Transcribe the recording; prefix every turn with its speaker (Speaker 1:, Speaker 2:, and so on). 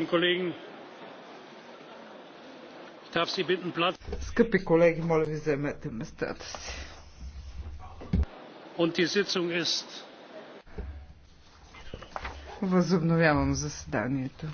Speaker 1: und Kollegen,
Speaker 2: ich darf
Speaker 3: Sie bitten, Platz. Скъпи колеги, моля ви заемете местата си. Und die Sitzung ist.
Speaker 4: Възобновявам
Speaker 5: заседанието.